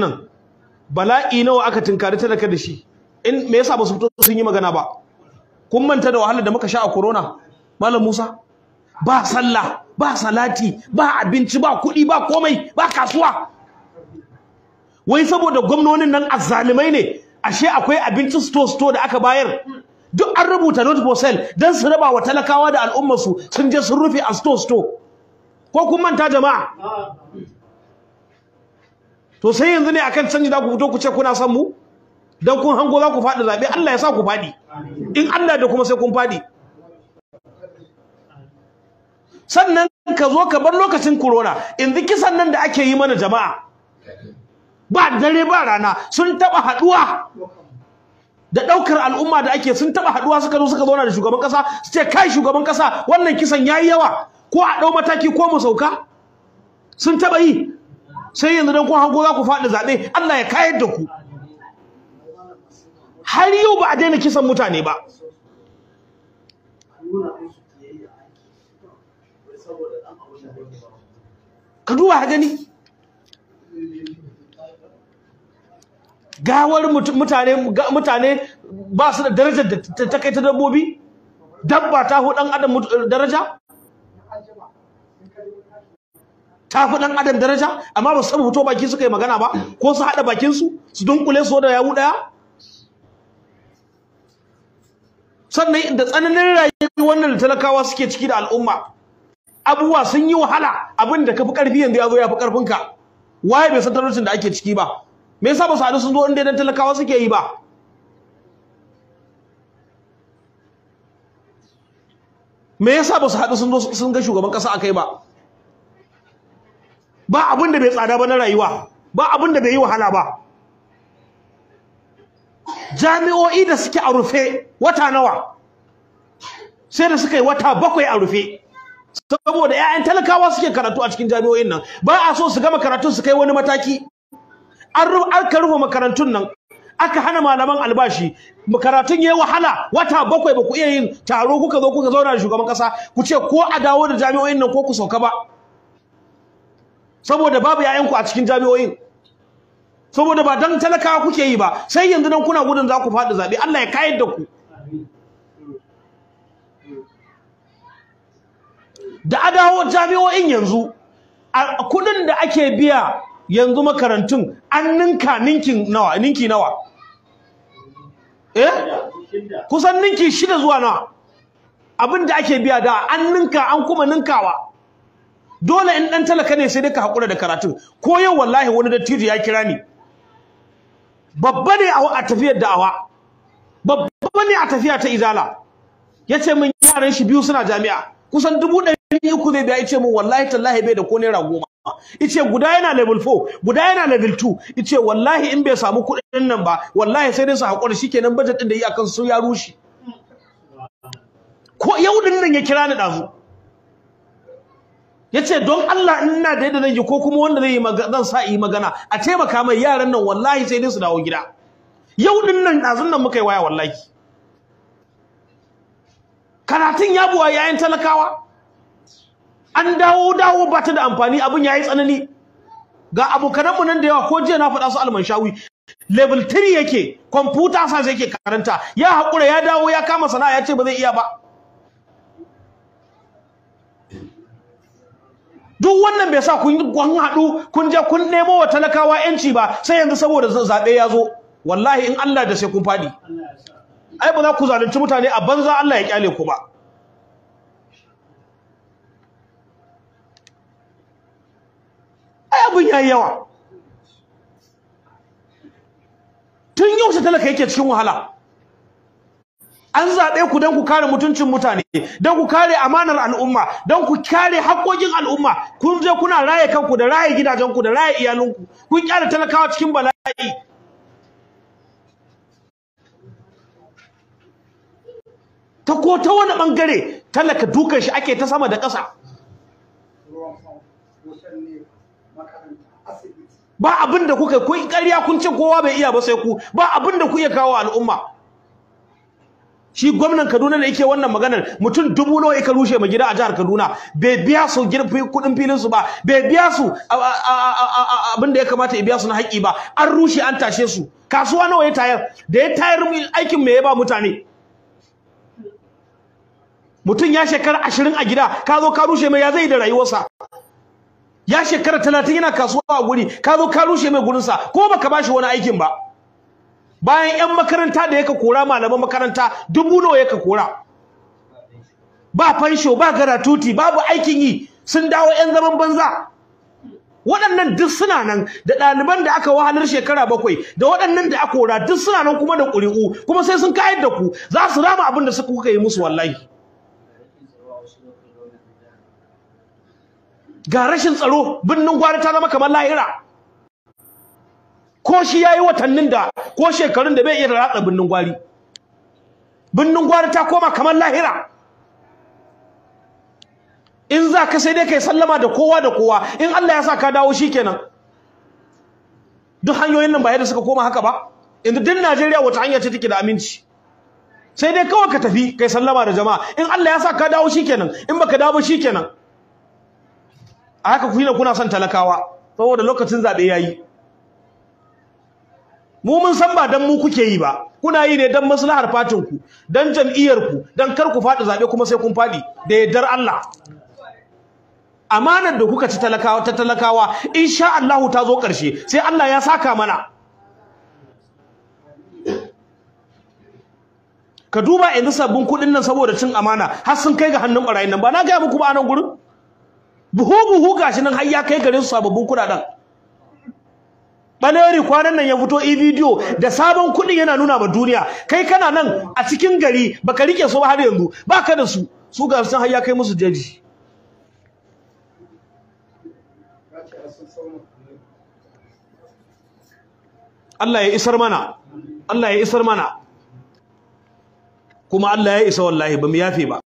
nan bala'i nawa aka tinkari talaka da shi in me yasa ba su fito sun yi magana ba kun manta da wahalar da muka sha a corona malam Musa ba sallah ba salati ba abinci ba kuɗi ba komai ba kasuwa wai saboda gwamnonin nan azzalumai ne ashe akwai abinci store store da aka bayar duk an rubuta note for sale dan su raba wa talakawa da al'ummar su sun je sun rufe a store store ko kun manta jama'a to sai yanzu ne akan canji za ku fito ku ce kuna san mu dan kun hango za ku faɗi zaɓe Allah ya sa ku faɗi in Allah da kuma sai kun faɗi sannan ka zo ka bar lokacin corona yanzu kisan nan da ake yi mana jama'a ba dare ba rana sun taɓa haɗuwa da ɗaukar al'umma da ake sun taɓa haɗuwa suka zo suka zauna da shugaban ƙasa su ce kai shugaban ƙasa wannan kisan ya yi yawa ko a ɗau mataki ko mu sauka sun taɓa yi sai yanzu don kun hango za ku faɗi zaɓe Allah ya kayar da ku har yau ba a daina kisan mutane ba ka duba ka gani gawar mutane mutane ba su da darajar da ta kai ta dabbobi dabba ta hu dan adam daraja ta fi dan adam daraja amma ba su saba fito baki suka yi magana ba ko su hada bakin su dunkule su da yawu daya sannan da tsananin rayuwar wannan talakawa suke ciki da al'umma abubuwa sun yi wahala abinda da ka fi yanzu ya zo ya fi karfinka waye bai san talaucin da ake ciki ba me yasa ba su haɗu sun zo inda dan talakawa suke yi ba me yasa ba su haɗu sun zo sun ga shugaban kasa akai ba ba abin da bai tsada ba na rayuwa ba abin da bai yi wahala ba jami'o'i da suke a rufe wata nawa sai da suka yi wata bakwai a rufe saboda 'ya'yan talakawa suke karatu a cikin jami'o'in nan ba a so su gama karatu su kai wani mataki an rufe makarantun nan aka hana malaman albashi ya yi wahala wata bakwai ba ku iya yin taro kuka zo kuka zauna da shugaban kasa ku ce ko a dawo da jami'o'in nan ko ku sauka ba saboda babu 'ya'yanku a cikin jami'oyin. saboda ba dan talakawa kuke yi ba sai yanzu nan kuna gudun za ku faɗi zaɓe Allah ya kayar da ku da adawowar jami'o'in yanzu kuɗin da ake biya yanzu makarantun an ninka ninkin nawa ninki nawa eh kusan ninki shida zuwa nawa abin da ake biya da an ninka an kuma ninkawa dole in dan talaka ne sai dai ka hakura da karatu ko yau wallahi wani dattijo ya kira ni babba ne a tafiyar da'awa babba ne a tafiya ta izala yace min yaran shi biyu suna jami'a kusan dubu ɗari uku zai biya yace min wallahi tallahi bai da ko naira goma yace guda yana level 4 guda yana level 2 yace wallahi in bai samu kuɗin nan ba wallahi sai dai su hakura shikenan budget din da yi akan su ya rushe ko yau din nan ya kira ni dazu Ya ce don Allah ina da yadda zan yi ko kuma wanda zai yi zan sa yi magana a taimaka mai yaran nan wallahi sai dai su dawo gida yau din nan ɗazun nan muka yi waya wallahi karatun ya buwa yayin talakawa an dawo dawo ba ta da amfani abin yayi tsanani ga abokananmu nan da yawa ko jiya na faɗa su almanshawi level 3 yake kwamfuta sa yake karanta ya haƙura ya dawo ya kama sana'a ya ce ba zai iya ba duk wannan bai sa kun kun haɗu kun je kun nemo wa talakawa yanci ba sai yanzu saboda zabe ya zo wallahi in Allah da sai kun faɗi ai ba za ku zalunci mutane a banza Allah ya kyale ku ba ai abin yayi yawa tun yau talaka yake cikin wahala an zaɓe ku don ku kare mutuncin mutane don ku kare amanar al'umma don ku kare haƙƙoƙin al'umma kun je kuna raye kanku da raye gidajenku da raye iyalinku kun kyara talakawa cikin bala'i ta ko ta wani ɓangare talaka dukan shi ake ta sama da ƙasa ba abin da kuka kun ƙarya kun ce kowa bai iya ba sai ku ba abin da ku iya kawo al'umma shi gwamnan Kaduna da yake wannan maganar mutum dubu nawa yake rushe ma gida a jihar Kaduna bai biya su girfi kudin filin su ba bai biya su abin da ya kamata ya biya su na haƙi ba an rushe an tashe su kasuwa nawa ya tayar da ya tayar aikin me ya ba mutane mutum ya shekara ashirin a gida ka zo ka rushe mai ya zai da rayuwarsa ya shekara talatin yana kasuwa a guri ka zo ka rushe mai gurinsa ko baka bashi wani aikin ba bayan yan makaranta da yaka kora malaman makaranta dubu nawa yaka kora ba fansho ba garatuti babu aikin yi sun dawo yan zaman banza waɗannan duk suna nan da ɗaliban da aka wahalar shekara bakwai da waɗannan da aka kora duk suna nan kuma da ƙuri'u kuma sai sun kayar da ku za su rama abin da suka kuka yi musu wallahi ga rashin tsaro birnin gwari ta zama kamar lahira ko shi yayi watannin da ko shekarun da bai iya ratsa birnin gwari bindin gwari ta koma kamar lahira in za ka sai dai kai sallama da kowa da kowa in Allah ya sa ka dawo shikenan duk hanyoyin nan ba yadda suka koma haka ba Inda duk Najeriya wata hanya ce take da aminci sai dai kawai ka tafi kai sallama da jama'a in Allah ya sa ka dawo shikenan in baka dawo shikenan a haka ku na kuna son talakawa saboda lokacin zabe yayi mu mun san ba dan mu kuke yi ba kuna yi ne dan maslahar fatin ku dan jam'iyyar ku dan kar ku fadi zabe kuma sai kun fadi da yardar Allah amanar da kuka ci talakawa ta talakawa insha Allah ta zo karshe sai Allah ya saka mana ka duba yanzu sabbin kudin nan saboda cin amana har sun kai ga hannun barayin nan ba na ga muku ba nan gurin buhu buhu gashi nan har ya kai gare su sababbin kudaden Baleri kwanan nan ya fito e video da sabon kuɗin yana nuna ma duniya kai kana nan a cikin gari baka rike su ba har yanzu baka da su su ga sun har ya kai musu jaji Allah ya isar mana Allah ya isar mana kuma Allah ya isa wallahi ba mu yafe ba